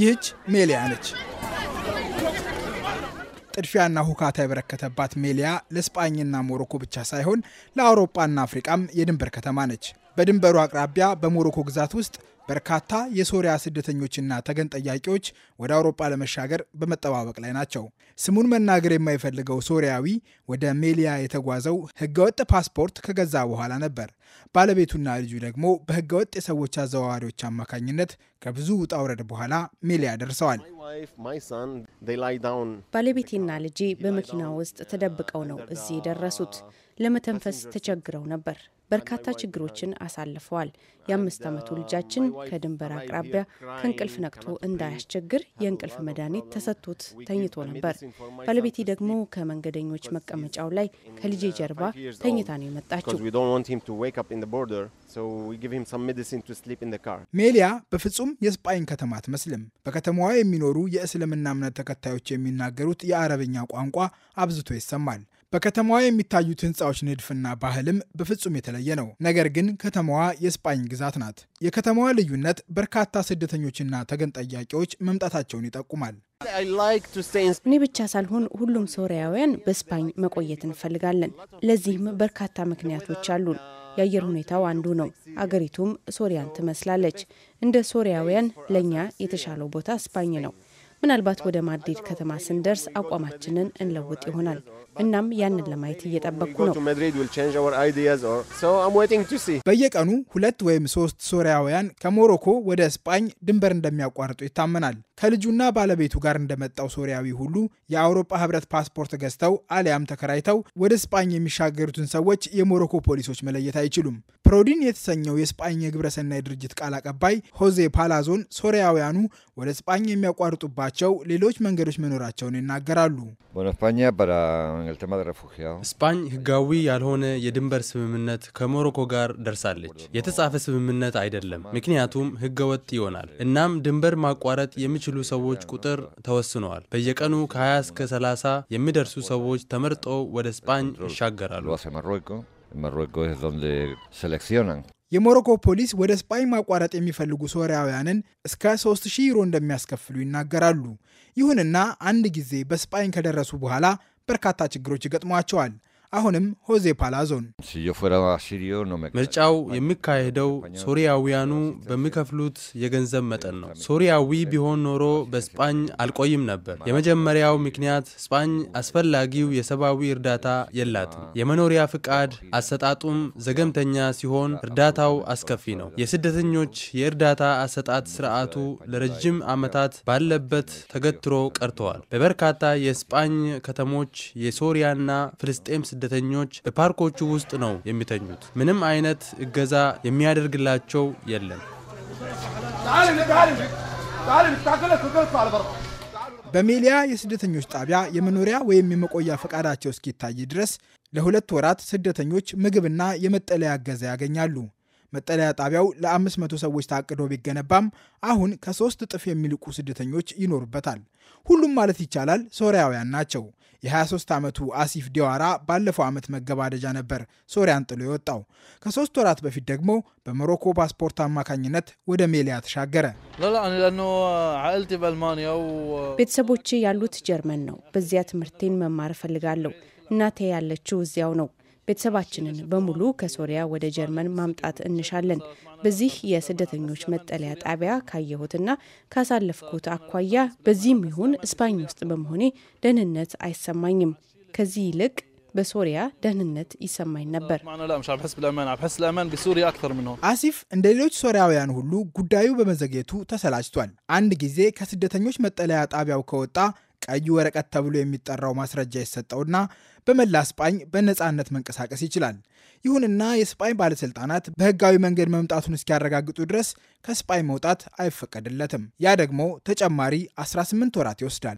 ይህች ሜሊያ ነች። ጥድፊያና ሁካታ የበረከተባት ሜሊያ ለስጳኝና ሞሮኮ ብቻ ሳይሆን ለአውሮፓና አፍሪቃም የድንበር ከተማ ነች። በድንበሩ አቅራቢያ በሞሮኮ ግዛት ውስጥ በርካታ የሶሪያ ስደተኞችና ተገን ጠያቂዎች ወደ አውሮፓ ለመሻገር በመጠባበቅ ላይ ናቸው። ስሙን መናገር የማይፈልገው ሶሪያዊ ወደ ሜሊያ የተጓዘው ህገወጥ ፓስፖርት ከገዛ በኋላ ነበር። ባለቤቱና ልጁ ደግሞ በህገወጥ የሰዎች አዘዋዋሪዎች አማካኝነት ከብዙ ውጣ ውረድ በኋላ ሜሊያ ደርሰዋል። ባለቤቴና ልጄ በመኪና ውስጥ ተደብቀው ነው እዚህ የደረሱት። ለመተንፈስ ተቸግረው ነበር። በርካታ ችግሮችን አሳልፈዋል። የአምስት ዓመቱ ልጃችን ከድንበር አቅራቢያ ከእንቅልፍ ነቅቶ እንዳያስቸግር የእንቅልፍ መድኃኒት ተሰጥቶት ተኝቶ ነበር። ባለቤቴ ደግሞ ከመንገደኞች መቀመጫው ላይ ከልጄ ጀርባ ተኝታ ነው የመጣችው። ሜሊያ በፍጹም የስጳይን ከተማ አትመስልም። በከተማዋ የሚኖሩ የእስልምና እምነት ተከታዮች የሚናገሩት የአረብኛ ቋንቋ አብዝቶ ይሰማል። በከተማዋ የሚታዩት ህንፃዎች ንድፍና ባህልም በፍጹም የተለየ ነው። ነገር ግን ከተማዋ የስጳኝ ግዛት ናት። የከተማዋ ልዩነት በርካታ ስደተኞችና ተገን ጠያቂዎች መምጣታቸውን ይጠቁማል። እኔ ብቻ ሳልሆን ሁሉም ሶሪያውያን በስፓኝ መቆየት እንፈልጋለን። ለዚህም በርካታ ምክንያቶች አሉን። የአየር ሁኔታው አንዱ ነው። አገሪቱም ሶሪያን ትመስላለች። እንደ ሶሪያውያን ለእኛ የተሻለው ቦታ ስፓኝ ነው። ምናልባት ወደ ማድሪድ ከተማ ስንደርስ አቋማችንን እንለውጥ ይሆናል። እናም ያንን ለማየት እየጠበቅኩ ነው። በየቀኑ ሁለት ወይም ሶስት ሶሪያውያን ከሞሮኮ ወደ ስፓኝ ድንበር እንደሚያቋርጡ ይታመናል። ከልጁና ባለቤቱ ጋር እንደመጣው ሶሪያዊ ሁሉ የአውሮፓ ህብረት ፓስፖርት ገዝተው አሊያም ተከራይተው ወደ ስጳኝ የሚሻገሩትን ሰዎች የሞሮኮ ፖሊሶች መለየት አይችሉም። ፕሮዲን የተሰኘው የስጳኝ የግብረሰናይ ድርጅት ቃል አቀባይ ሆዜ ፓላዞን ሶሪያውያኑ ወደ ስጳኝ የሚያቋርጡባቸው ሌሎች መንገዶች መኖራቸውን ይናገራሉ። ስጳኝ ህጋዊ ያልሆነ የድንበር ስምምነት ከሞሮኮ ጋር ደርሳለች። የተጻፈ ስምምነት አይደለም፣ ምክንያቱም ህገወጥ ይሆናል። እናም ድንበር ማቋረጥ የሚችሉ የሚችሉ ሰዎች ቁጥር ተወስነዋል። በየቀኑ ከ20 እስከ 30 የሚደርሱ ሰዎች ተመርጠው ወደ ስፓኝ ይሻገራሉ። የሞሮኮ ፖሊስ ወደ ስፓኝ ማቋረጥ የሚፈልጉ ሶሪያውያንን እስከ 3000 ዩሮ እንደሚያስከፍሉ ይናገራሉ። ይሁንና አንድ ጊዜ በስፓኝ ከደረሱ በኋላ በርካታ ችግሮች ይገጥሟቸዋል። አሁንም ሆዜ ፓላዞን ምርጫው የሚካሄደው ሶሪያውያኑ በሚከፍሉት የገንዘብ መጠን ነው። ሶሪያዊ ቢሆን ኖሮ በስጳኝ አልቆይም ነበር። የመጀመሪያው ምክንያት ስጳኝ አስፈላጊው የሰብአዊ እርዳታ የላትም። የመኖሪያ ፍቃድ አሰጣጡም ዘገምተኛ ሲሆን እርዳታው አስከፊ ነው። የስደተኞች የእርዳታ አሰጣጥ ስርዓቱ ለረጅም ዓመታት ባለበት ተገትሮ ቀርተዋል። በበርካታ የስጳኝ ከተሞች የሶሪያና ፍልስጤም ስደተኞች በፓርኮቹ ውስጥ ነው የሚተኙት። ምንም አይነት እገዛ የሚያደርግላቸው የለም። በሜሊያ የስደተኞች ጣቢያ የመኖሪያ ወይም የመቆያ ፈቃዳቸው እስኪታይ ድረስ ለሁለት ወራት ስደተኞች ምግብና የመጠለያ እገዛ ያገኛሉ። መጠለያ ጣቢያው ለ500 ሰዎች ታቅዶ ቢገነባም አሁን ከሶስት እጥፍ የሚልቁ ስደተኞች ይኖሩበታል። ሁሉም ማለት ይቻላል ሶሪያውያን ናቸው። የ23 ዓመቱ አሲፍ ዲዋራ ባለፈው ዓመት መገባደጃ ነበር ሶሪያን ጥሎ የወጣው። ከሶስት ወራት በፊት ደግሞ በሞሮኮ ፓስፖርት አማካኝነት ወደ ሜሊያ ተሻገረ። ቤተሰቦቼ ያሉት ጀርመን ነው። በዚያ ትምህርቴን መማር እፈልጋለሁ። እናቴ ያለችው እዚያው ነው። ቤተሰባችንን በሙሉ ከሶሪያ ወደ ጀርመን ማምጣት እንሻለን። በዚህ የስደተኞች መጠለያ ጣቢያ ካየሁትና ካሳለፍኩት አኳያ በዚህም ይሁን እስፓኝ ውስጥ በመሆኔ ደህንነት አይሰማኝም። ከዚህ ይልቅ በሶሪያ ደህንነት ይሰማኝ ነበር። አሲፍ እንደ ሌሎች ሶሪያውያን ሁሉ ጉዳዩ በመዘግየቱ ተሰላችቷል። አንድ ጊዜ ከስደተኞች መጠለያ ጣቢያው ከወጣ ቀይ ወረቀት ተብሎ የሚጠራው ማስረጃ ይሰጠውና በመላ ስጳኝ በነፃነት መንቀሳቀስ ይችላል። ይሁንና የስጳኝ ባለስልጣናት በህጋዊ መንገድ መምጣቱን እስኪያረጋግጡ ድረስ ከስጳኝ መውጣት አይፈቀድለትም። ያ ደግሞ ተጨማሪ 18 ወራት ይወስዳል።